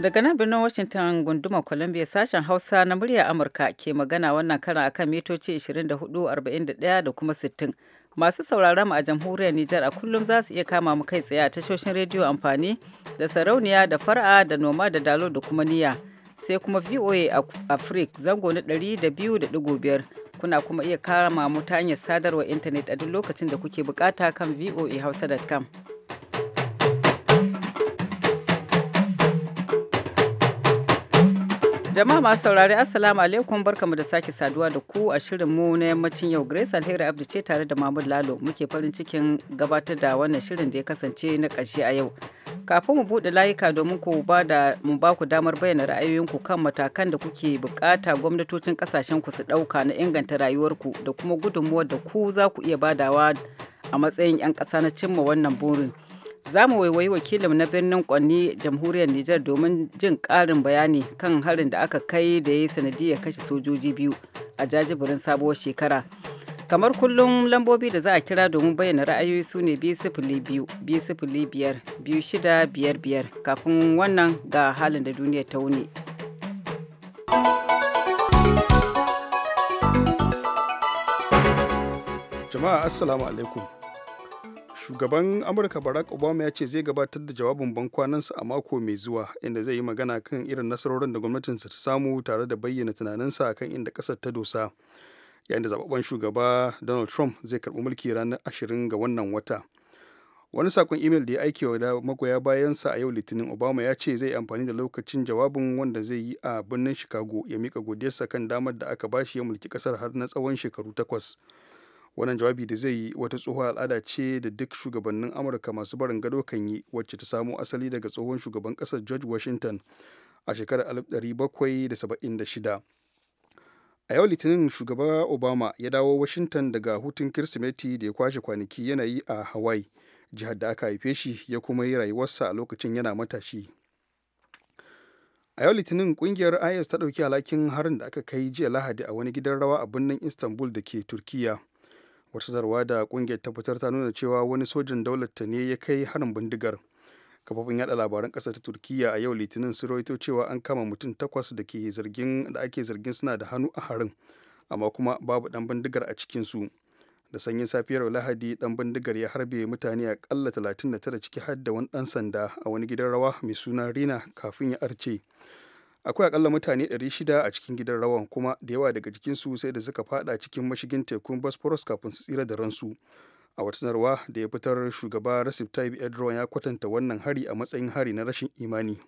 Daga nan birnin Washington gundumar Columbia sashen Hausa na murya Amurka ke magana wannan karan akan mitoci 24,41 da kuma 60. Masu sauraron mu a jamhuriyar Nijar a kullum za su iya kama mu kai tsaye a tashoshin rediyo amfani da sarauniya da fara da noma da dalo da kuma niya. Sai kuma VOA Africa zango na 200.5 kuna kuma iya kama mu ta hanyar sadarwar intanet a duk lokacin da kuke bukata kan voa voahausa.com. Jama'a masu saurari Assalamu alaikum barkamu da sake saduwa da ku a shirin mu na yammacin yau Grace Alheri Abdu ce tare da Mahmud Lalo muke farin cikin gabatar da wannan shirin da ya kasance na ƙarshe a yau. Kafin mu buɗe layuka domin ku ba da mu ba ku damar bayyana ra'ayoyinku kan matakan da kuke bukata gwamnatocin kasashen ku su ɗauka na inganta rayuwarku da kuma gudunmuwar da ku za ku iya badawa a matsayin 'yan ƙasa na cimma wannan burin. za mu waiwayi wakilin na birnin kwanni jamhuriyar Nijar domin jin ƙarin bayani kan harin da aka kai da ya yi sanadiyar kashe sojoji biyu a jajibirin sabuwar shekara. Kamar kullum lambobi da za a kira domin bayyana ra'ayoyi su ne biyu biyar, biyu shida biyar biyar kafin wannan ga halin da duniya ta wuni. Jama'a Assalamu alaikum. shugaban amurka barack obama ya ce zai gabatar da jawabin bankwanansa a mako mai zuwa inda zai yi magana kan irin nasarorin da gwamnatinsa ta samu tare da bayyana tunaninsa kan inda kasar ta dosa yayin da zababben shugaba donald trump zai karbi mulki ranar ashirin ga wannan wata wani sakon imel da ya aiki wa magoya bayansa a yau litinin obama ya ce zai amfani da lokacin jawabin wanda zai yi a birnin chicago ya mika godiyarsa kan damar da aka bashi ya mulki kasar har na tsawon shekaru takwas wannan jawabi da zai yi wata tsohuwar al'ada ce da duk shugabannin amurka masu barin gado kan yi wacce ta samo asali daga tsohon shugaban kasar george washington a shekarar 1776 a yau litinin shugaba obama ya dawo washington daga hutun kirsimeti da ya kwashe kwanaki yana yi a hawaii jihar da aka haife shi ya kuma yi rayuwarsa a lokacin yana matashi a yau litinin kungiyar is ta dauki alhakin harin da aka kai jiya lahadi a wani gidan rawa a birnin istanbul da ke turkiyya. wata zarwa da kungiyar ta ta nuna cewa wani sojin daular ne ya kai harin bindigar kafofin yada labaran kasar ta turkiya a yau litinin sun rawaito cewa an kama mutum takwas da ke zargin da ake zargin suna da hannu a harin amma kuma babu dan bindigar a cikin su da sanyin safiyar lahadi dan bindigar ya harbe mutane a kalla 39 ciki har da wani dan sanda a wani gidan rawa mai suna rina kafin ya arce akwai akalla mutane 600 a cikin gidan rawan kuma da yawa daga su sai da suka fada cikin mashigin tekun bosphorus kafin su tsira da ransu a wata sanarwa da ya fitar shugaba recep tayyip erdogan ya kwatanta wannan hari a matsayin hari na rashin imani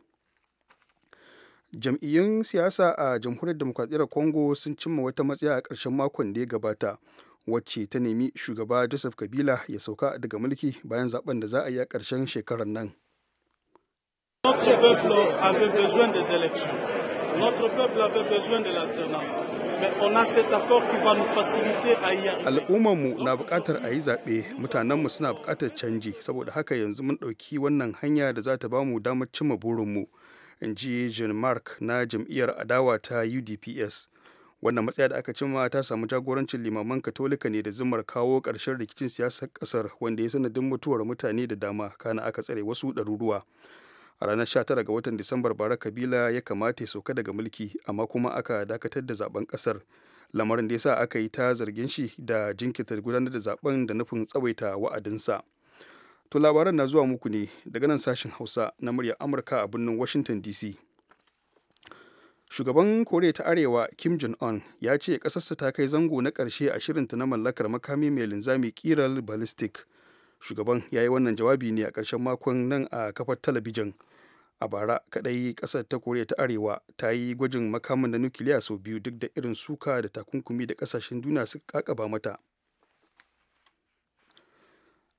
jam'iyyun siyasa a jamhuriyar demokradiyyar congo sun cimma wata matsaya a ƙarshen makon da ya gabata wacce ta nemi shugaba joseph kabila ya sauka daga mulki bayan zaben da za a yi a ƙarshen shekarar nan Notre peuple avait besoin des élections. Notre peuple avait besoin de l'alternance. Al'ummarmu na bukatar a yi zaɓe, mutanenmu suna bukatar canji, saboda haka yanzu mun ɗauki wannan hanya da za ta ba mu damar cimma burinmu, in ji Jean Mark na jam'iyyar adawa ta UDPS. Wannan matsaya da aka cimma ta samu jagorancin limaman katolika ne da zumar kawo ƙarshen rikicin siyasar ƙasar wanda ya sanadin mutuwar mutane da dama kana aka tsare wasu ɗaruruwa. a ranar 19 ga watan disambar bara kabila ya kamata ya sauka daga mulki amma kuma aka dakatar da zaben kasar lamarin da ya sa aka yi ta zargin shi da jinkirta gudanar da zaben da nufin tsawaita wa'adinsa to labaran na zuwa muku ne daga nan sashen hausa na murya amurka a birnin washington dc shugaban koriya ta arewa kim jong-un ya ce ƙasarsa ta kai zango na ƙarshe a shirinta na mallakar makami mai linzami kiral ballistic shugaban ya yi wannan jawabi ne a ƙarshen makon nan a kafar talabijin a bara kadai kasar ta koriya ta arewa ta yi gwajin makamin na nukiliya sau biyu duk da irin suka da takunkumi da kasashen duniya suka kakaba mata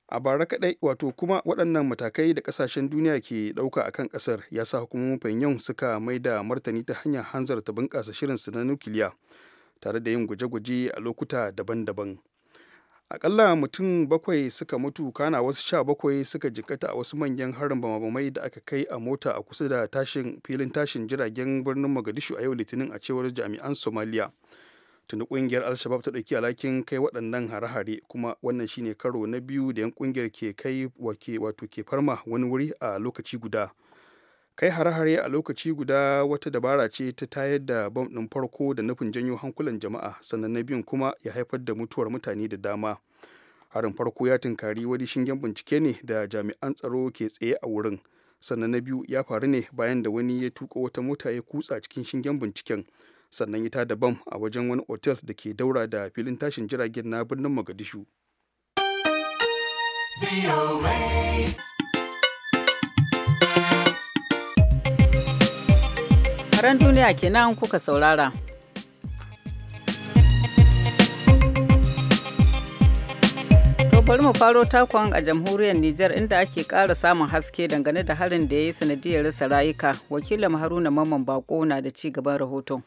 a bara kadai wato kuma waɗannan matakai da kasashen duniya ke ɗauka a kan ƙasar ya sa hukumomin pyongyang suka mai da martani ta hanyar hanzarta bunƙasa shirinsu na nukiliya tare da yin gwaje-gwaje a lokuta daban-daban akalla mutum bakwai suka mutu kana wasu sha bakwai suka jikkata a wasu manyan harin bamabamai da aka kai a mota a kusa da tashin filin tashin jiragen birnin mogadishu a yau litinin a cewar jami'an somaliya tuni kungiyar alshabab ta ɗauki alhakin kai waɗannan hare-hare kuma wannan shine karo na biyu da yan kungiyar ke kai wato ke farma wani wuri a lokaci guda kai hare-hare a lokaci guda wata dabara ce ta tayar da bam ɗin farko da nufin janyo hankulan jama'a sannan na biyun kuma ya haifar da mutuwar mutane da dama harin farko ya tunkari wani shingen bincike ne da jami'an tsaro ke tsaye a wurin sannan na biyu ya faru ne bayan da wani ya tuka wata mota ya kutsa cikin shingen binciken sannan ita tada bam a wajen wani otel da ke daura da filin tashin jiragen na birnin magadishu labaran duniya kenan kuka saurara. bari mu faro takon a jamhuriyar Nijar inda ake ƙara samun haske dangane da harin da ya yi sanadiyar rasa rayuka wakilin haruna mamman bako na da ci gaban rahoton.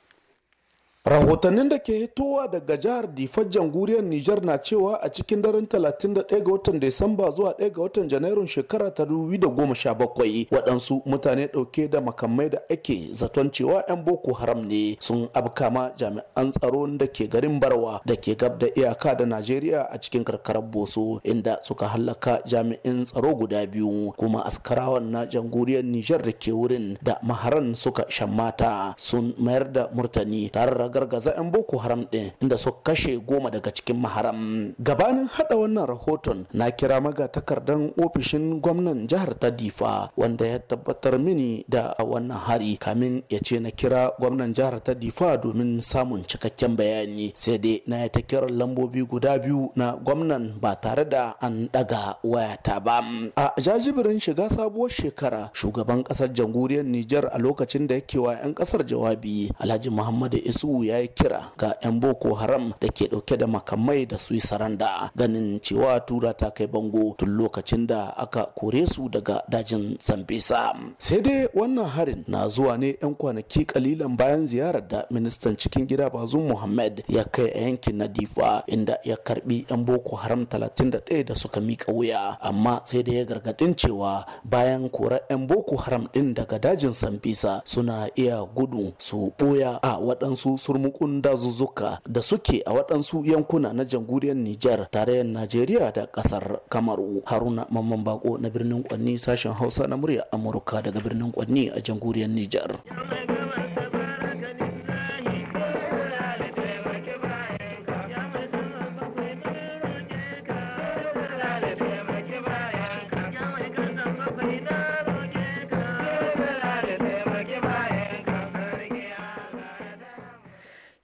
rahotannin da ke hitowa daga jihar difar jamhuriyar nijar na cewa a cikin daren 31 ga watan desamba zuwa 1 ga watan janairun shekara ta 2017 waɗansu mutane ɗauke da makamai da ake zaton cewa 'yan boko haram ne sun abkama jami'an tsaro da ke garin barwa da ke gab da iyaka da najeriya a cikin karkarar boso inda suka hallaka jami'in tsaro guda biyu kuma askarawan na jamhuriyar nijar da ke wurin da maharan suka shammata sun mayar da murtani tare Gargaza 'yan boko haram ɗin inda su kashe goma daga cikin maharam gabanin hada wannan rahoton na kira maga takardan ofishin gwamnan jihar ta difa wanda ya tabbatar mini da a wannan hari kamin ya ce na kira gwamnan jihar ta difa domin samun cikakken bayani sai dai na ya ta kira lambobi guda biyu na gwamnan ba tare da an daga wayata ba a jajibirin shiga sabuwar shekara shugaban kasar jamhuriyar nijar a lokacin da yake wa 'yan kasar jawabi alhaji muhammadu isu ya yi kira ga 'yan Boko Haram da ke ɗauke da makamai da su yi saranda ganin cewa tura ta kai bango tun lokacin da aka kore su daga dajin Sambisa. Sai dai wannan harin na zuwa ne 'yan kwanaki kalilan bayan ziyarar da ministan cikin gida Bazum Muhammad ya kai a yankin na inda ya karbi 'yan Boko Haram 31 da suka mika wuya amma sai da ya gargadin cewa bayan kora 'yan Boko Haram din daga dajin Sambisa suna iya gudu su boya a waɗansu turmukun dazuzzuka da suke a waɗansu yankuna na jamhuriyar Nijar tarayyar Najeriya da ƙasar Kamaru. Haruna Mamman Bako na birnin Kwanni sashen Hausa na murya Amurka daga birnin Kwanni a jamhuriyar Nijar.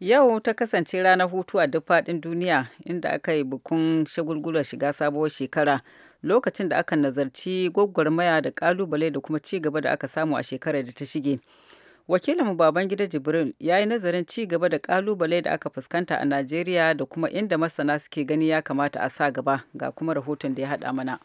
Yau ta kasance ranar hutu a duk faɗin duniya inda aka yi bukun shagulgular shiga sabuwar shekara lokacin da aka nazarci gwaggwarmaya da kalubale da kuma ci gaba da aka samu a shekarar da ta shige. Wakilinmu Babangida Jibril ya yi nazarin ci gaba da kalubale da aka fuskanta a Najeriya da kuma inda masana suke gani ya kamata a sa gaba ga kuma rahoton da ya haɗa mana.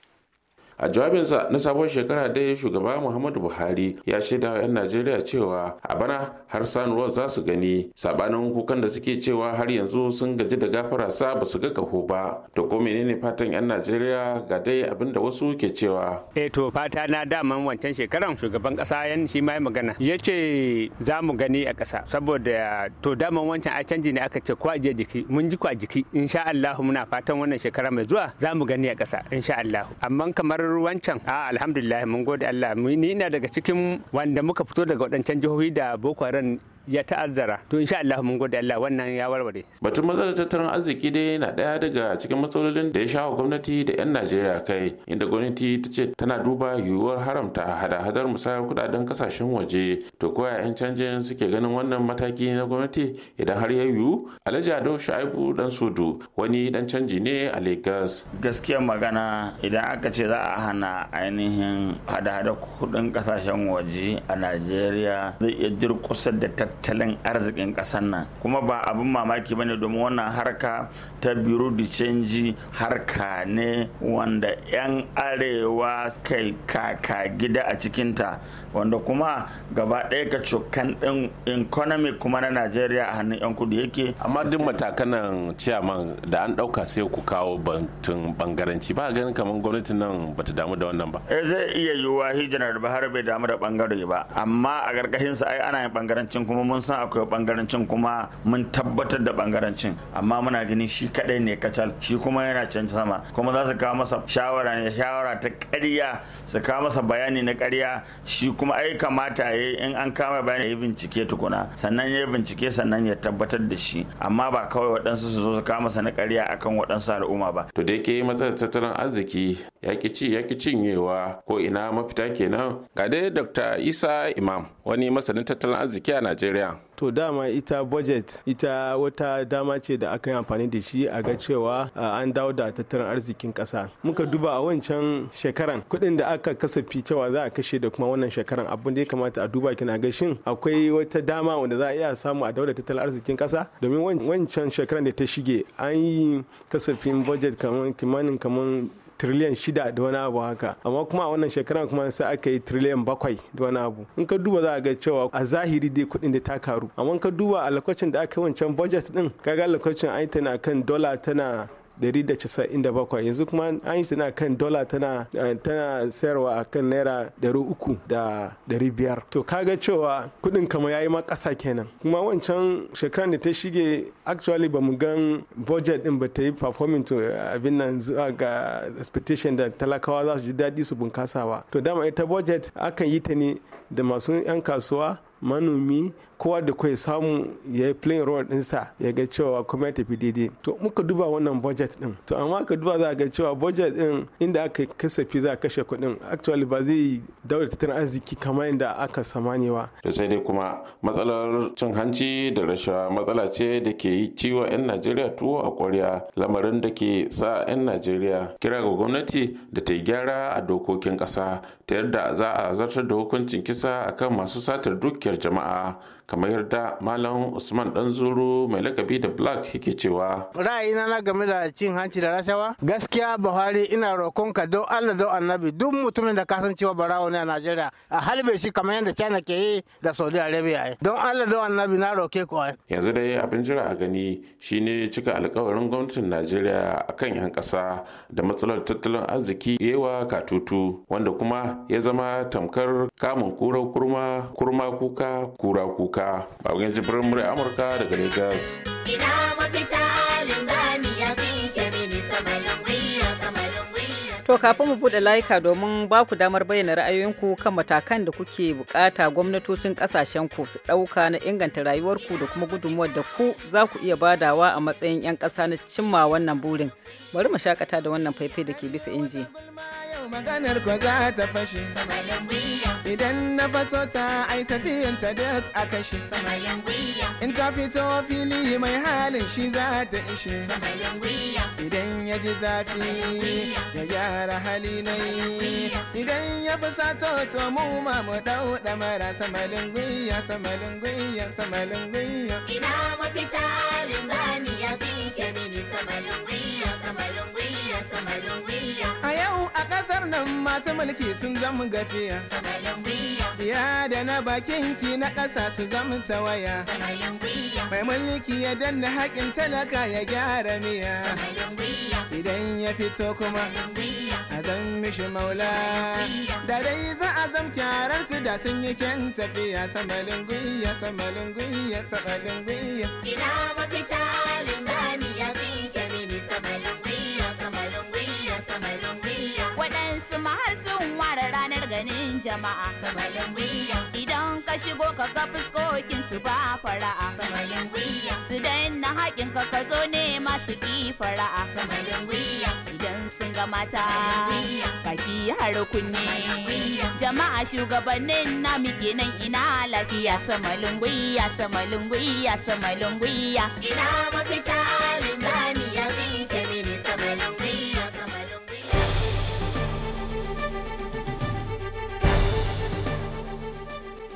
a jawabinsa na sabon shekara dai shugaba muhammadu buhari ya shaida 'yan najeriya cewa a bana har sanuwar za su gani sabanin kukan da suke cewa har yanzu sun gaji da gafara sa ba su ga kaho ba da ko menene fatan 'yan najeriya ga dai abin da wasu ke cewa eh to fata na daman wancan shekaran shugaban kasa yan shi ma magana ya ce za mu gani a kasa saboda to daman wancan a canji ne aka ce kwaje jiki mun ji kwa jiki insha Allah muna fatan wannan shekara mai zuwa za mu gani a kasa insha Allah amma kamar wancan a ah, alhamdulillah mun gode Allah ni ina daga cikin wanda muka fito daga waɗancan jihohi da Boko Haram ya ta'azzara to insha Allah mun gode Allah wannan ya warware batun matsalar tattalin arziki dai na daya daga cikin matsalolin da ya shawo gwamnati da yan Najeriya kai inda gwamnati ta ce tana duba yiwuwar haramta hada-hadar musayar kudaden kasashen waje to ko yan canjin suke ganin wannan mataki na gwamnati idan har ya yiwu Alhaji Ado Shaibu dan Sudu wani dan canji ne a Lagos Gaskiya magana idan aka ce za a hana ainihin hada-hada kudin kasashen waje a Najeriya zai iya durkusar da tattalin tattalin arzikin ƙasar nan kuma ba abin mamaki ne domin wannan harka ta biro da canji harka ne wanda 'yan arewa kai kaka gida a cikinta wanda kuma gaba ɗaya ka cokan ɗin economy kuma na najeriya a hannun 'yan kudu yake amma duk matakanan ciyaman da an ɗauka sai ku kawo bantun bangaranci ba ganin kamar gwamnatin nan bata damu da wannan ba eh, zai iya yiwuwa hijinar bahar bai damu da bangare ba amma a ƙarƙashinsa ai ana yin bangarancin kuma mun san akwai bangarancin kuma mun tabbatar da bangarancin amma muna ganin shi kadai ne kacal shi kuma yana can sama kuma za su kawo masa shawara ne shawara ta ƙarya su kawo masa bayani na ƙarya shi kuma ai kamata ya in an kama bayani ya bincike tukuna sannan ya bincike sannan ya tabbatar da shi amma ba kawai waɗansu su zo su kawo masa na ƙarya akan waɗansu al'umma ba to da yake matsalar tattalin arziki ya ci ya cinyewa ko ina mafita kenan ga dai dr isa imam wani masanin tattalin arziki a najeriya najeriya to dama ita budget ita wata dama ce da aka yi amfani da shi a ga cewa an dawo da tattalin arzikin kasa muka duba a wancan shekaran kuɗin da aka kasafi cewa za a kashe da kuma wannan shekaran abin da ya kamata a duba kina ga shin akwai wata dama wanda za a iya samu a dawo da tattalin arzikin kasa domin wancan shekaran da ta shige an yi kasafin budget kamar kimanin kamar triliyan shida da wani abu haka amma kuma a wannan shekaran kuma sai aka yi triliyan bakwai da wani abu in ka duba za a ga cewa a zahiri dai kuɗin da ta karu amma in ka duba a lokacin da aka yi wancan budget din kaga lokacin ai tana kan dola tana 197 yanzu kuma an yi tana kan dola tana eh, tana sayarwa a kan naira 300 da biyar to kaga cewa kudin kama yayi ma kasa kenan kuma wancan shekaran da ta shige actually ba mu gan budget din ba ta yi performing to eh, abin nan zuwa ga expectation da talakawa za su ji daɗi su bunkasa ba to dama ita budget akan yi ta ne da masu 'yan kasuwa manomi kowa da kai samu ya yi playing role ɗinsa ya ga cewa kuma ya tafi daidai to muka duba wannan budget din to amma ka duba za ga cewa budget din inda aka kasafi za a kashe kuɗin actually ba zai daura tattalin arziki kamar yadda aka samani wa. to sai dai kuma matsalar cin hanci da rashawa matsala ce da ke yi ciwo 'yan najeriya tuwo a kwarya lamarin da ke sa 'yan najeriya kira ga gwamnati da ta gyara a dokokin ƙasa ta yadda za a zartar da hukuncin kisa akan masu satar dukiyar Jemaah. kamar yarda malam usman danzuru mai lakabi da black yake cewa ra'ayina na game da cin hanci da rashawa gaskiya buhari ina ka don allah don annabi duk mutumin da ka san cewa barawo ne a najeriya a halbe shi kamar yadda china ke yi da saudi arabia don allah don annabi na roke ku yanzu dai abin jira a gani shine cika alkawarin gwamnatin najeriya akan yan kasa da matsalar tattalin arziki yewa katutu wanda kuma ya zama tamkar kamun kura kurma kurma kuka kura kuka doka babban jibirin murya amurka daga Legas. ina mafita linzami ya mini samalin samalin To kafin mu buɗe layuka domin ba ku damar bayyana ra'ayoyinku kan matakan da kuke bukata gwamnatocin kasashen ku su ɗauka na inganta rayuwarku da kuma gudunmuwar da ku za ku iya badawa a matsayin 'yan ƙasa na cimma wannan burin. Bari mu shakata da wannan faifai da ke bisa inji. Yau maganar ko za ta fashe. Idan na faso ta ai safiyan ta duk a kashe. In ta fito fili mai halin shi za ta ishe. Idan ya ji zafi ya gyara hali nai. Idan ya fusato to mu ma mu dau mara samalin gwiya samalin gwiya samalin gwiya. Ina mafita linzani ya fi mini samalin gwiya samalin gwiya samalin gwiya. Gwamnan masu mulki sun zama gafiya. Ya da na bakin ki na ƙasa su zama waya. Mai mulki ya danna haƙin talaka ya gyara miya. Idan ya fito kuma a zan mishi maula. Da dai za a zam kyarar su da sun yi kyan tafiya. Samalin gwiya, samalin gwiya, samalin gwiya. Ina mafita linzami. cikin jama'a samalin wiya idan ka shigo ka ga fuskokin su ba fara'a samalin wiya su daina haƙin ka ka zo ne masu ji fara'a samalin wiya idan sun ga mata ka ki har kunne jama'a shugabannin na muke nan ina lafiya samalin wiya samalin wiya samalin wiya ina mafita za.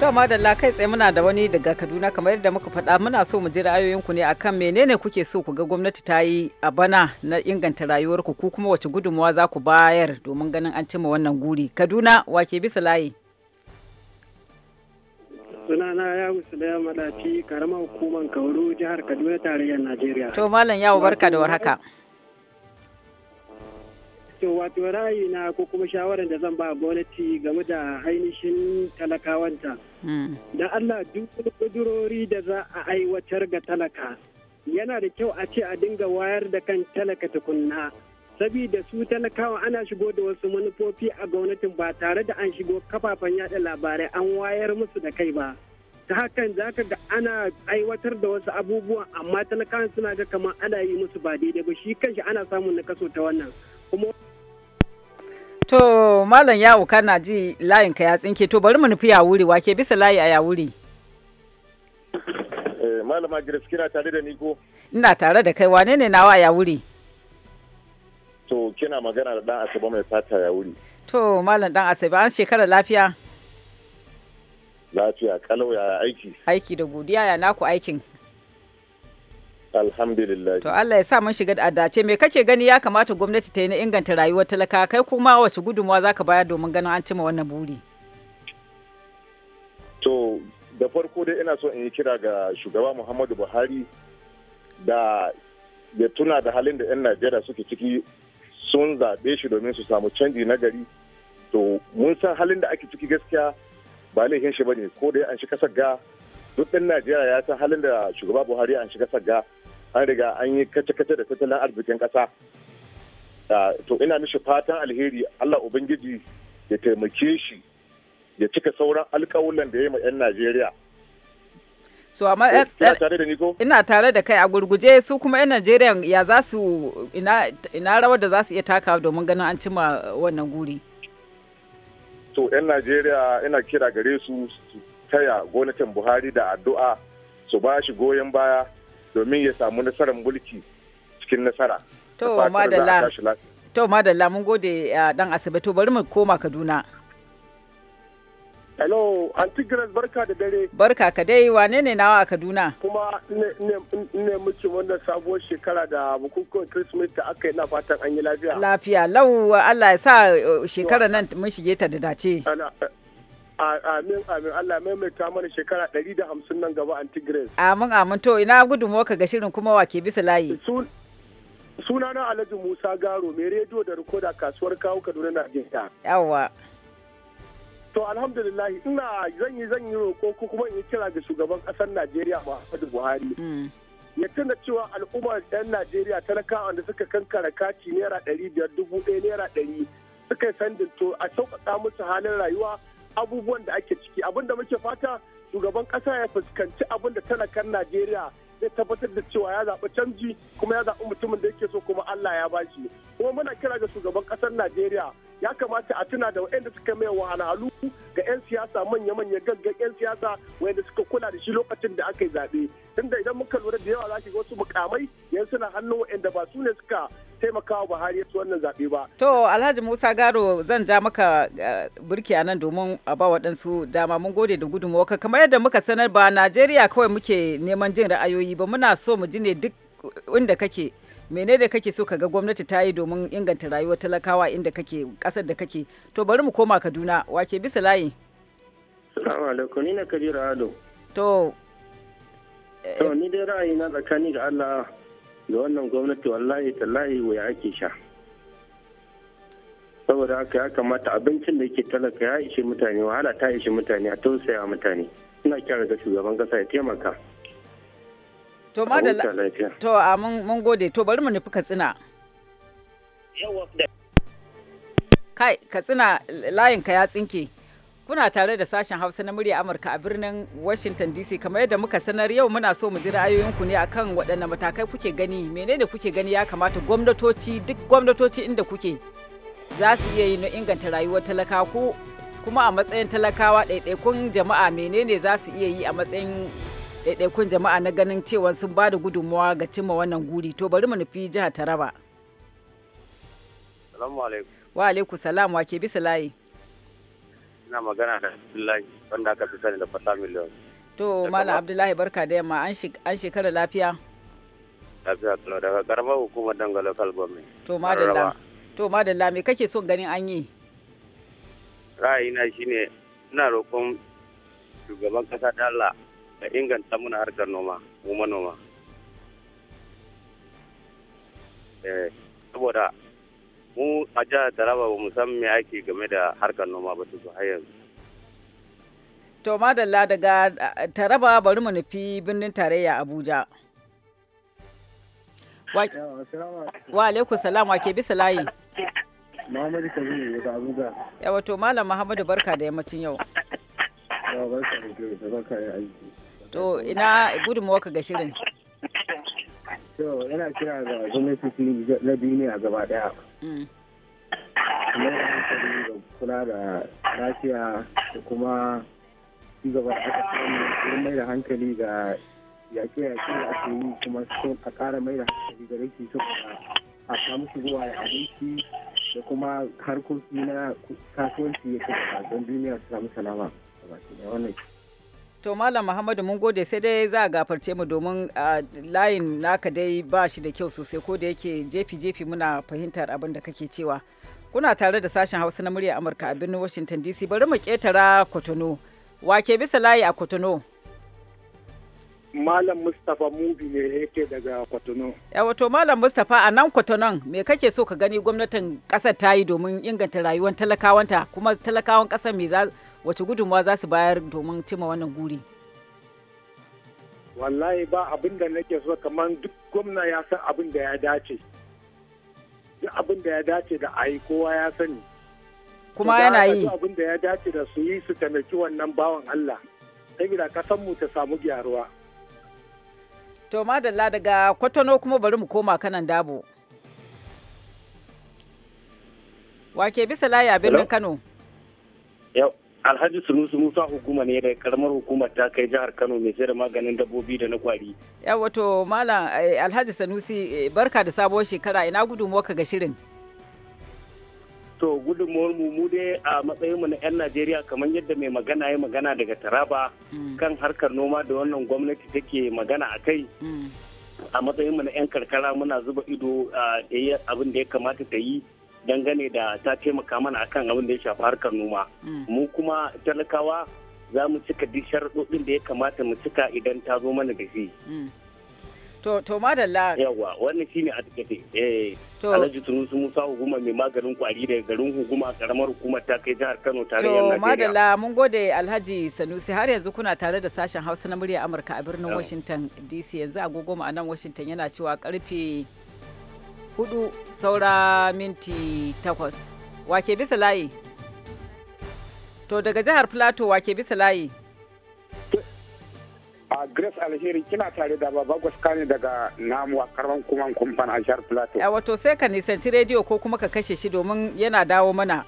To madalla kai tsaye muna da wani daga Kaduna kamar yadda muka faɗa muna so mu ji ra'ayoyinku ne akan menene kuke so ku ga gwamnati ta yi a bana na inganta rayuwarku ku kuma wace gudunmuwa za ku bayar domin ganin an cimma wannan guri. Kaduna wake bisa layi. sunana ya wusu da madaci karamar hukumar kauru jihar kaduna tarayyar najeriya to malam yawo barka da warhaka haka To wato ra'ayi na ko kuma shawarar da zan ba gwamnati game da ainihin talakawanta. Hmm. Da Allah duk kudurori da za a aiwatar ga talaka. Yana da kyau a ce a dinga wayar da kan talaka tukunna. Sabida su talakawa ana shigo da wasu manufofi a gwamnatin ba tare da an shigo kafafen yada labarai an wayar musu da kai ba. ta hakan za ka ga ana aiwatar da wasu abubuwa amma talakawan suna ga kamar ana yi musu ba daidai ba shi kanshi ana samun kaso ta wannan kuma To Malam Yawo kana ji layin ka ya tsinke to bari mu nufi ya wuri wake bisa layi a ya wuri. Eh, Malama Grace kina tare da ni ko? Ina tare da kai wane ne nawa ya wuri? To kina magana da dan Asabe mai fata ya wuri. To Malam dan Asabe an shekara lafiya? Lafiya kalau ya aiki. Aiki da godiya ya naku aikin. Alhamdulillah. To Allah ya sa mun shiga a dace me kake gani ya kamata gwamnati ta yi na inganta rayuwar talaka kai kuma wace gudunmawa zaka bayar domin ganin an cima wannan buri? To da farko dai ina so in yi kira ga shugaba Muhammadu Buhari da ya tuna da halin da 'yan Najeriya suke ciki sun zaɓe shi domin su samu canji na gari. To mun san halin da ake ciki gaskiya ba laifin shi bane ko da an shi kasar ga duk ɗan Najeriya ya san halin da shugaba Buhari an shiga sagga an riga an yi kace-kace da tattalin arzikin ƙasa ah, to ina mishi fatan alheri allah ubangiji ya taimake shi ya cika sauran alkawulan da ya yi ma 'yan najeriya so amma eh, ina tare da kai a gurguje su kuma 'yan najeriya ya za su ina rawar da za su iya takawa domin ganin an cima wannan guri to 'yan najeriya ina kira gare su su taya gwamnatin buhari da addu'a su ba shi goyon baya domin ya samu nasarar mulki cikin nasara. To madalla. To madalla mun gode eh, dan asibiti bari mu koma Kaduna. Hello, Aunty Grace barka da dare. Barka ka dai wane ne nawa a Kaduna? Kuma ne muke wannan sabuwar shekara da bukukuwan Christmas da aka yi na fatan an yi lafiya. Lafiya, lau Allah ya sa eh, shekarar nan mun shige ta da dace. Amin amin Allah maimaita mana shekara ɗari da hamsin nan gaba anti Grace. Amin amin to ina gudunmuwa ka ga shirin kuma wake bisa layi. Sunana Alhaji Musa Garo mai rediyo da rikoda kasuwar kawo Kaduna jinta Yawwa. To alhamdulillah ina zan yi zan yi roƙo ko kuma in kira ga shugaban kasar Najeriya Muhammadu Buhari. Hmm. ya tuna cewa al'ummar 'yan najeriya talakawa da suka kankara kati naira ɗari biyar dubu ɗaya naira ɗari suka yi sandin to a sauƙaƙa musu halin rayuwa abubuwan da ake ciki abin da muke fata shugaban kasa ya fuskanci abin da talakan najeriya zai tabbatar da cewa ya zaɓi canji kuma ya zaɓi mutumin da yake so kuma allah ya bashi kuma muna kira ga shugaban ƙasar najeriya ya kamata a tuna da waɗanda suka mai wahalhalu ga 'yan siyasa manya-manya gaggan 'yan siyasa wa'anda suka kula da shi lokacin da aka yi zaɓe tunda idan muka lura da yawa zaki wasu mukamai yanzu suna hannun waɗanda ba su ne suka taimakawa Buhari su wannan zaɓe ba. To Alhaji Musa Garo zan ja maka eh, burki a nan domin a ba waɗansu dama mun gode da gudunmawa kamar yadda muka sanar ba Najeriya kawai muke neman jin ra'ayoyi ba muna so mu ji ne duk inda kake. mene da kake so ka ga gwamnati ta yi domin inganta rayuwar talakawa inda kake kasar da kake to bari mu koma kaduna wake bisa layi salamu alaikum ni na kabiru ado to eh, to ni dai ra'ayi na tsakani ga allah da wannan gwamnati wallahi tallahi waya ake sha saboda haka ya kamata abincin da yake talaka ya ishe mutane wahala ta ishe mutane a tausaya mutane ina kyara ga shugaban kasa ya taimaka To madalla. To a mun gode to bari mu nufi Katsina. Kai Katsina layin ka ya tsinke. Kuna tare da sashen Hausa na murya Amurka a birnin Washington DC kamar yadda muka sanar yau muna so mu ji ra'ayoyinku ne akan waɗanne matakai kuke gani menene kuke gani ya kamata gwamnatoci duk gwamnatoci inda kuke za su iya yi na inganta rayuwar talakawa ko kuma a matsayin talakawa ɗaiɗaikun jama'a menene za su iya yi a matsayin ɗaiɗaikun jama'a na ganin cewa sun ba da gudunmawa ga cimma wannan guri to bari mu nufi jihar taraba salamu alaikum wa alaikum salam wa ke bisa layi ina magana da abdullahi wanda aka fi sani da fata miliyon to mala abdullahi barka da yamma an shekara lafiya lafiya kalau daga karamar hukumar dangalo kalbomi to madalla to madalla me kake son ganin an yi ra'ayina shine ina roƙon shugaban ƙasa da Allah ta inganta muna harkar noma mu manoma eh saboda mu a jihar taraba ba mu san me ake game da harkar noma ba su har yanzu to madalla daga eh, taraba bari mu nufi birnin tarayya abuja wa alaikum salam wa ke bisa layi Muhammadu Kabiru daga Abuja. Yawa to Malam Muhammadu barka da yammacin yau. Yawa barka da barka da To ina ka ga shirin. To yana kira ga gwamnati na duniya gaba daya. Mm. kula da lafiya da kuma gaba da aka samu wurin mai da hankali ga yaƙe-yaƙe da ake yi kuma a ƙara mai da hankali ga rake saboda a samu zuwa da abinci da kuma harkoki na kasuwanci ya da don duniya su samu salama. to malam muhammadu mun gode sai dai za a gafarce mu domin layin naka dai ba shi da kyau sosai ko da yake jefi jefi muna fahimtar abin da kake cewa kuna tare da sashen hausa na murya amurka a birnin washington dc bari mu ketara kotono wake bisa layi a kotono Malam Mustapha Mubi ne yake daga Kotono. Yawa to Malam Mustapha a nan kotonon me kake so ka gani gwamnatin kasar ta yi domin inganta rayuwar talakawanta kuma talakawan kasar me za wace gudunmawa za su bayar domin cima wannan guri wallahi ba abin da nake so kamar duk gwamna ya san abin da ya dace duk abin da ya dace da ayi kowa ya sani kuma yana yi abin da ya dace da su yi su taimaki wannan bawan Allah saboda kasan mu ta samu gyaruwa to madalla daga kwatano kuma bari mu koma kanan dabo wake bisa layi a birnin Kano yau alhaji sunusu musa hukuma ne da karamar hukumar ta kai jihar kano mai sayar da maganin dabbobi da na kwari yawa to malam eh, alhaji sanusi eh, barka da sabuwar shekara ina gudunmuwarka ga shirin to gudunmuwar mu mu dai a matsayin mu na 'yan najeriya kamar yadda mai magana ya magana daga taraba hmm. kan harkar noma da wannan gwamnati take magana a kai hmm. a matsayin mu na 'yan karkara muna zuba ido ah, da abin da ya kamata ta yi dangane da ta taimaka mana akan abin da ya shafi harkar noma mm. mu kuma talakawa za mu cika duk sharaɗoɗin da ya kamata mu cika idan ta zo mana da shi mm. to to madalla yawa wannan shine a takaice eh Alhaji Tunusu Musa hukuma mai maganin kwari da garin hukuma karamar hukumar ta kai jihar Kano tare da Najeriya to madalla mun gode Alhaji Sanusi har yanzu kuna tare da sashen Hausa na murya Amurka a birnin Washington DC yanzu agogo mu a nan Washington yana cewa karfe hudu saura minti takwas wake bisa layi to daga jihar plateau wake bisa layi a grace alheri kina tare da baba gwaskani daga namuwa karban kuma kumfan a jihar plateau a wato sai ka nisanci rediyo ko kuma ka kashe shi domin yana dawo mana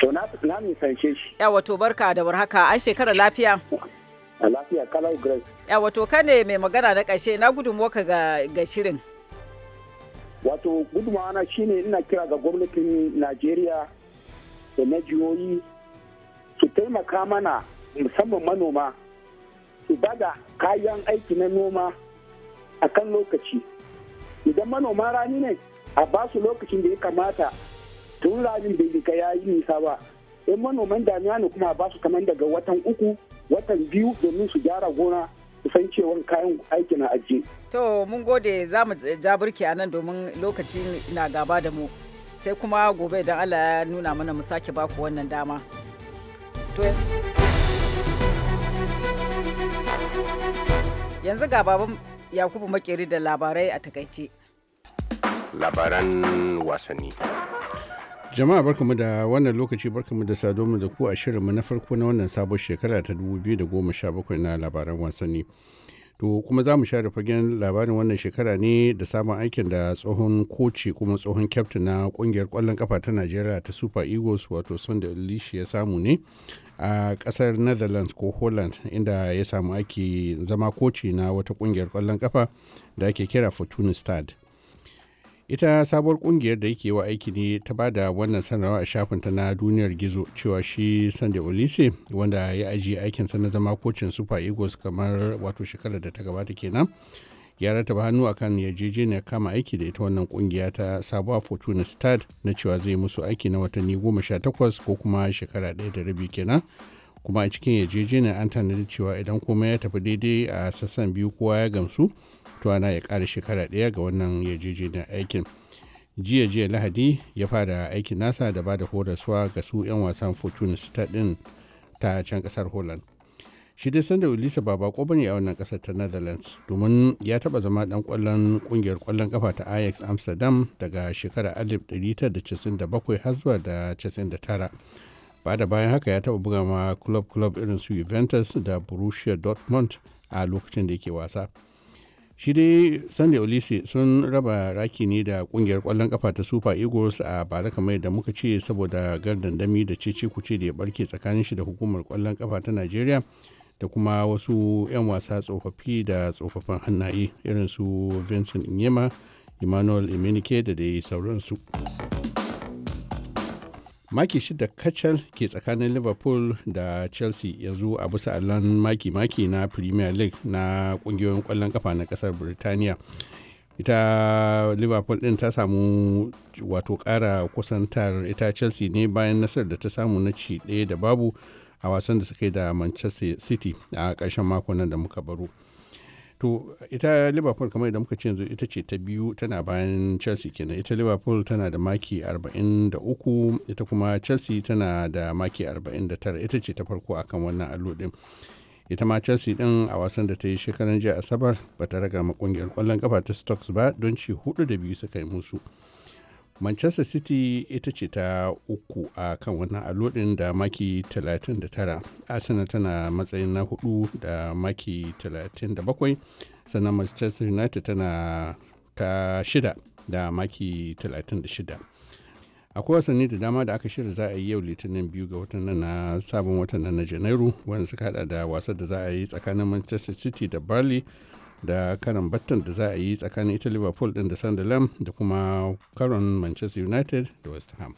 to na nisanci shi a wato barka da warhaka an shekara lafiya lafiya kalau grace ya wato ne mai magana na ƙarshe na gudunmuwa ka ga shirin wato gudunmawana shine ina kira ga gwamnatin najeriya da na jihohi su taimaka mana musamman manoma su bada kayan aiki na noma a kan lokaci idan manoma rani ne a ba su lokacin da ya kamata tun ranin bai rika ya yi nisa ba in manoman damina ne kuma a ba su kamar daga watan uku watan biyu domin su gyara gona san cewa kayan aiki na ajiye. To mun gode za mu ja birki a nan domin lokaci na gaba da mu sai kuma gobe idan Allah ya nuna mana mu sake baku wannan dama. yanzu ga baban Yakubu Makeri da labarai a takaice. Labaran wasanni. Jama'a barkamu da wannan lokaci barkamu da saduwa da ku a shirinmu na farko na wannan sabon shekara ta 2017 na labaran wasanni. To kuma za mu share fagen labarin wannan shekara ne da samun aikin da tsohon koci kuma tsohon kyaftin na kungiyar kwallon kafa ta Najeriya ta Super Eagles wato Sunday Elish ya samu ne a kasar Netherlands ko Holland inda ya samu aiki zama koci na wata kungiyar kwallon kafa da ake kira Fortuna Stad. ita sabuwar kungiyar da yake wa aiki ne ta ba da wannan sanarwa a shafinta na duniyar gizo cewa shi sande olise wanda ya ajiye aikin na zama kocin super eagles kamar wato shekarar da ta gabata kenan ya rataba hannu akan yarjejeniyar kama aiki da ita wannan kungiya ta sabuwa fortuna stad na cewa zai musu aiki na watanni goma sha takwas ko kuma shekara ɗaya da rabi kenan kuma a cikin yarjejeniya an tanadi cewa idan komai ya tafi daidai a sassan biyu kowa ya gamsu tuwana ya ƙara shekara ɗaya ga wannan yarjejeniyar aikin jiya jiya lahadi ya fara aikin nasa da ba da horaswa ga su 'yan wasan fortune star ɗin ta can kasar holland shi dai sanda ulisa ba bako bane a wannan kasar ta netherlands domin ya taba zama dan kwallon kungiyar kwallon kafa ta ajax amsterdam daga shekarar 1997 har zuwa da 99 ba da bayan haka ya taba buga ma club club irin su juventus da borussia dortmund a lokacin da yake wasa shi dai sunday olise sun raba raki ne da kungiyar kwallon kafa ta super eagles a bara kamar da muka ce saboda gardandami da cece kuce da ya barke tsakanin shi da hukumar kwallon kafa ta nigeria da kuma wasu 'yan wasa tsofaffi da tsofaffin hannaye irin su vincent nyema emmanuel emenike da dai sauransu. maki shida kacal ke tsakanin liverpool da chelsea yanzu a bisa allon maki-maki na premier league na kungiyoyin kwallon kafa na kasar birtaniya ita liverpool din ta samu wato kara kusantar ita chelsea ne bayan nasarar da ta samu na ci ɗaya da babu a wasan da suka yi da manchester city a ƙarshen makon nan da muka baro. to ita liverpool kamar idan muka ce yanzu ita ce ta biyu tana bayan chelsea kenan ita liverpool tana da maki 43 ita kuma chelsea tana da maki 49 ita ce ta farko akan wannan allo din ita ma chelsea din a wasan da ta yi shekaran jiya asabar ba ta raga ma kungiyar kwallon kafa ta stocks ba don ci hudu da biyu suka yi musu manchester city ita ce ta uku a kan wannan alodin da maki 39 arsenal tana matsayin na hudu da maki 37 sannan manchester united tana ta shida da maki 36 akwai wasanni da dama da aka shirya za a yi yau litinin biyu ga watan na sabon watan na janairu wanda suka hada da wasa da za a yi tsakanin manchester city da barley. da karan battan da za a yi tsakanin ita liverpool din da sunderland da kuma karon manchester united da west ham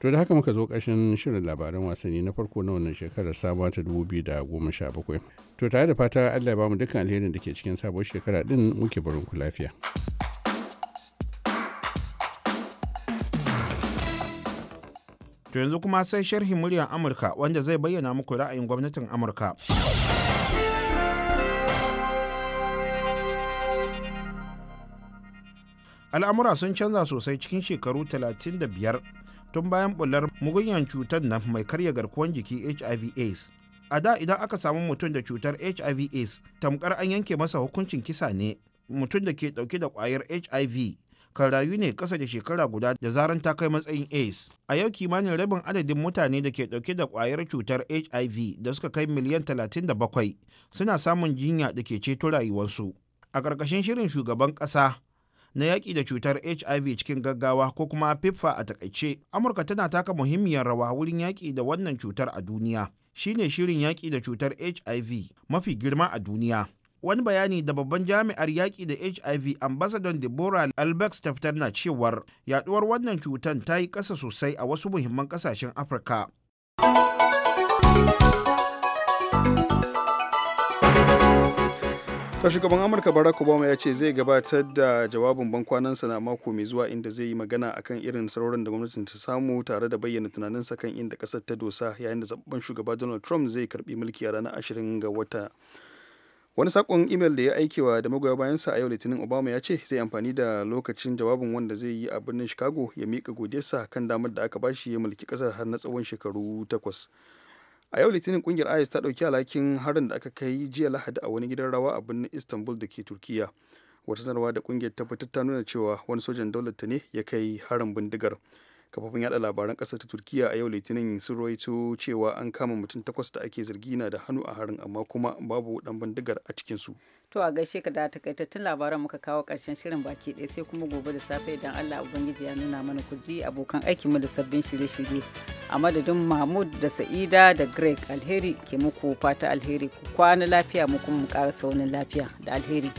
to da haka muka zo ƙarshen shirin labaran wasanni na farko na wannan shekarar sabuwa ta 2017 to tare da fata allah ya bamu dukkan alherin da ke cikin sabuwar shekara din muke barin ku lafiya to yanzu kuma sai sharhi muryar amurka wanda zai bayyana muku ra'ayin gwamnatin amurka al'amura sun canza sosai cikin shekaru 35 tun bayan bular mugunyan cutar nan mai karya garkuwar jiki hiv aids a da idan aka samu mutum da cutar hiv aids tamkar an yanke masa hukuncin kisa ne mutum da ke dauke da kwayar hiv kan rayu ne kasa da shekara guda da zaran ta kai matsayin aids a yau kimanin rabin adadin mutane da ke dauke da kwayar cutar hiv da suka kai miliyan 37 suna samun jinya da ke ceto rayuwarsu a ƙarƙashin shirin shugaban ƙasa na yaƙi da cutar HIV cikin gaggawa ko kuma fifa a takaice. Amurka tana taka muhimmiyar rawa wurin yaƙi da wannan cutar a duniya. Shine shirin yaƙi da cutar HIV mafi girma a duniya. Wani bayani da babban jami'ar yaƙi da HIV Ambassador Deborah albex taftar na cewar yaɗuwar wannan cutar ta yi ƙasa sosai a wasu muhimman ƙasashen Afirka. ta shugaban amurka barack obama ya ce zai gabatar da jawabin bankwanansa na mako mai zuwa inda zai yi magana akan irin sauran da gwamnatin ta samu tare da bayyana tunaninsa kan inda kasar ta dosa yayin da zababban shugaba donald trump zai karbi mulki a ranar 20 ga wata wani sakon imel da ya aikewa da magoya bayansa a yau litinin obama ya ce zai amfani da lokacin jawabin wanda zai yi a birnin chicago ya miƙa godiyarsa kan damar da aka bashi ya mulki kasar har na tsawon shekaru takwas a yau litinin kungiyar is ta dauki alhakin harin da aka kai jiya lahadi a wani gidan rawa a birnin istanbul da ke turkiya wata sanarwa da kungiyar ta fitar ta nuna cewa wani sojan daular ta ne ya kai harin bindigar kafofin yada labaran kasar ta turkiya a yau litinin sun rawaito cewa an kama mutum takwas da ake zargi na da hannu a harin amma kuma babu dan bindigar a cikin su to a gaishe ka da takaitattun labaran muka kawo karshen shirin baki ɗaya sai kuma gobe da safe idan Allah ubangiji ya nuna mana ku ji abokan aikin mu da sabbin shirye-shirye a madadin Mahmud da Sa'ida da Greg alheri ke muku fata alheri ku kwana lafiya mu kuma mu ƙara saunin lafiya da alheri